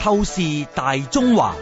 透視大中華，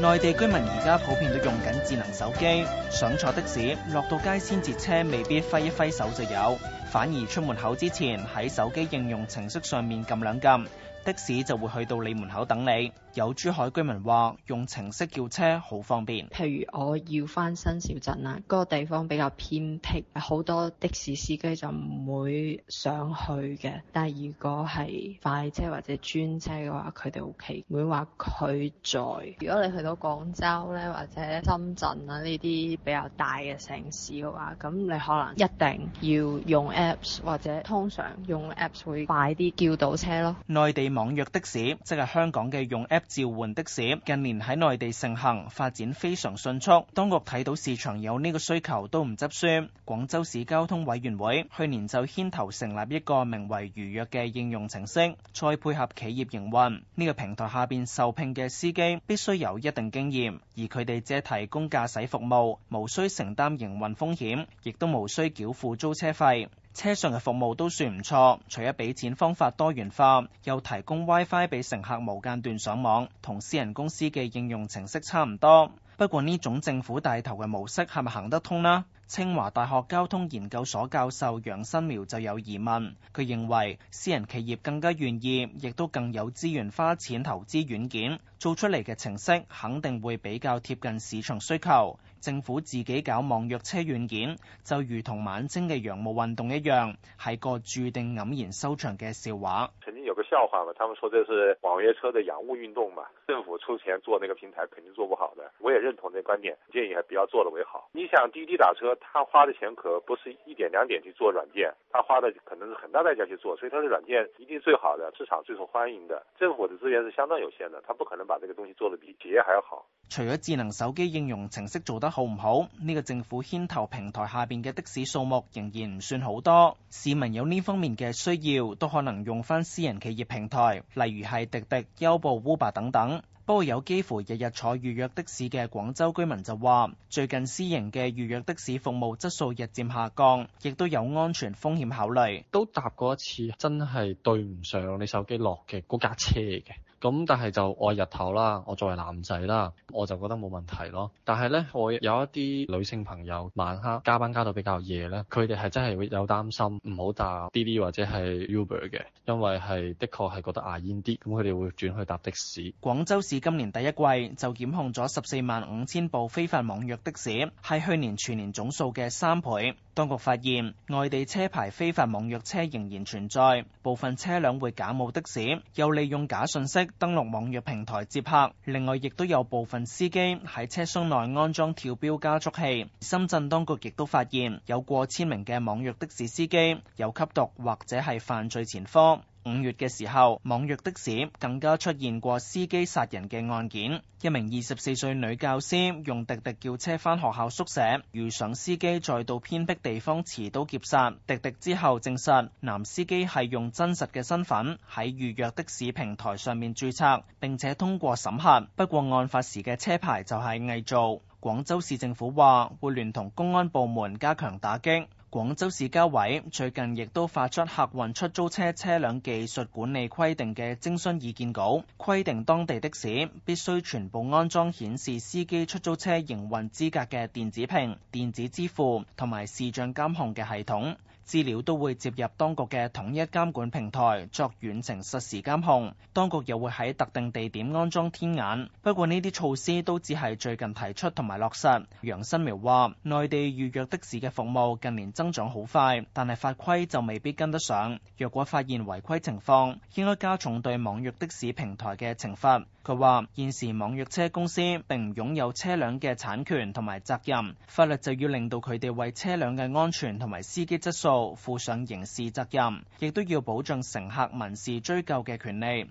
內地居民而家普遍都用緊智能手機，想坐的士，落到街先截車，未必揮一揮手就有，反而出門口之前喺手機應用程式上面撳兩撳。的士就會去到你門口等你。有珠海居民話：用程式叫車好方便。譬如我要返新小鎮啦，嗰個地方比較偏僻，好多的士司機就唔會上去嘅。但係如果係快車或者專車嘅話，佢哋 OK，唔會話拒載。如果你去到廣州呢，或者深圳啊呢啲比較大嘅城市嘅話，咁你可能一定要用 Apps 或者通常用 Apps 會快啲叫到車咯。內地。網約的士，即係香港嘅用 App 召喚的士，近年喺內地盛行，發展非常迅速。當局睇到市場有呢個需求，都唔執輸。廣州市交通委員會去年就牽頭成立一個名為“如約”嘅應用程式，再配合企業營運呢、這個平台下邊受聘嘅司機必須有一定經驗，而佢哋只係提供駕駛服務，無需承擔營運風險，亦都無需繳付租車費。車上嘅服務都算唔錯，除咗俾錢方法多元化，又提供 WiFi 俾乘客無間斷上網，同私人公司嘅應用程式差唔多。不過呢種政府帶頭嘅模式係咪行得通呢？清華大學交通研究所教授楊新苗就有疑問，佢認為私人企業更加願意，亦都更有資源花錢投資軟件，做出嚟嘅程式肯定會比較貼近市場需求。政府自己搞網約車軟件，就如同晚清嘅洋務運動一樣，係個注定黯然收場嘅笑話。有個笑話嘛，他們說這是網約車的洋務運動嘛，政府出錢做那個平台肯定做不好的，我也認同這觀點，建議還不要做了為好。你想滴滴打車，他花的錢可不是一點兩點去做軟件，他花的可能是很大代價去做，所以他的軟件一定最好的，市場最受歡迎的。政府的資源是相當有限的，他不可能把這個東西做得比企業還要好。除咗智能手機應用程式做得好唔好，呢個政府牽頭平台下邊嘅的的士數目仍然唔算好多，市民有呢方面嘅需要，都可能用翻私人，企業平台，例如係滴滴、優步、Uber 等等。不過有幾乎日日坐預約的士嘅廣州居民就話，最近私營嘅預約的士服務質素日漸下降，亦都有安全風險考慮。都搭過一次，真係對唔上你手機落嘅嗰架車嘅。咁但係就我日頭啦，我作為男仔啦，我就覺得冇問題咯。但係呢，我有一啲女性朋友晚黑加班加到比較夜呢，佢哋係真係會有擔心，唔好搭滴滴或者係 Uber 嘅，因為係的確係覺得牙煙啲，咁佢哋會轉去搭的士。廣州市今年第一季就檢控咗十四萬五千部非法網約的士，係去年全年總數嘅三倍。當局發現外地車牌非法網約車仍然存在，部分車輛會假冒的士，又利用假信息。登錄網約平台接客，另外亦都有部分司機喺車廂內安裝跳表加速器。深圳當局亦都發現有過千名嘅網約的士司機有吸毒或者係犯罪前科。五月嘅時候，網約的士更加出現過司機殺人嘅案件。一名二十四歲女教師用滴滴叫車翻學校宿舍，遇上司機再到偏僻地方持刀劫殺。滴滴之後證實，男司機係用真實嘅身份喺預約的士平台上面注冊，並且通過審核。不過案發時嘅車牌就係偽造。廣州市政府話會聯同公安部門加強打擊。廣州市交委最近亦都發出《客運出租車車輛技術管理規定》嘅徵詢意見稿，規定當地的士必須全部安裝顯示司機出租車營運資格嘅電子屏、電子支付同埋視像監控嘅系統。資料都會接入當局嘅統一監管平台作遠程實時監控，當局又會喺特定地點安裝天眼。不過呢啲措施都只係最近提出同埋落實。楊新苗話，內地預約的士嘅服務近年增長好快，但係法規就未必跟得上。若果發現違規情況，應該加重對網約的士平台嘅懲罰。佢話，現時網約車公司並唔擁有車輛嘅產權同埋責任，法律就要令到佢哋為車輛嘅安全同埋司機質素負上刑事責任，亦都要保障乘客民事追究嘅權利。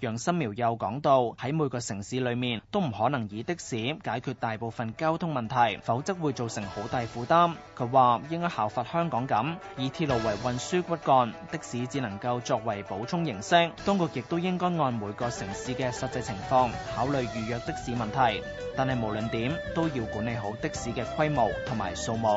楊新苗又講到，喺每個城市裏面都唔可能以的士解決大部分交通問題，否則會造成好大負擔。佢話應該效法香港咁，以鐵路為運輸骨幹，的士只能夠作為補充形式。當局亦都應該按每個城市嘅實際情況考慮預約的士問題，但係無論點都要管理好的士嘅規模同埋數目。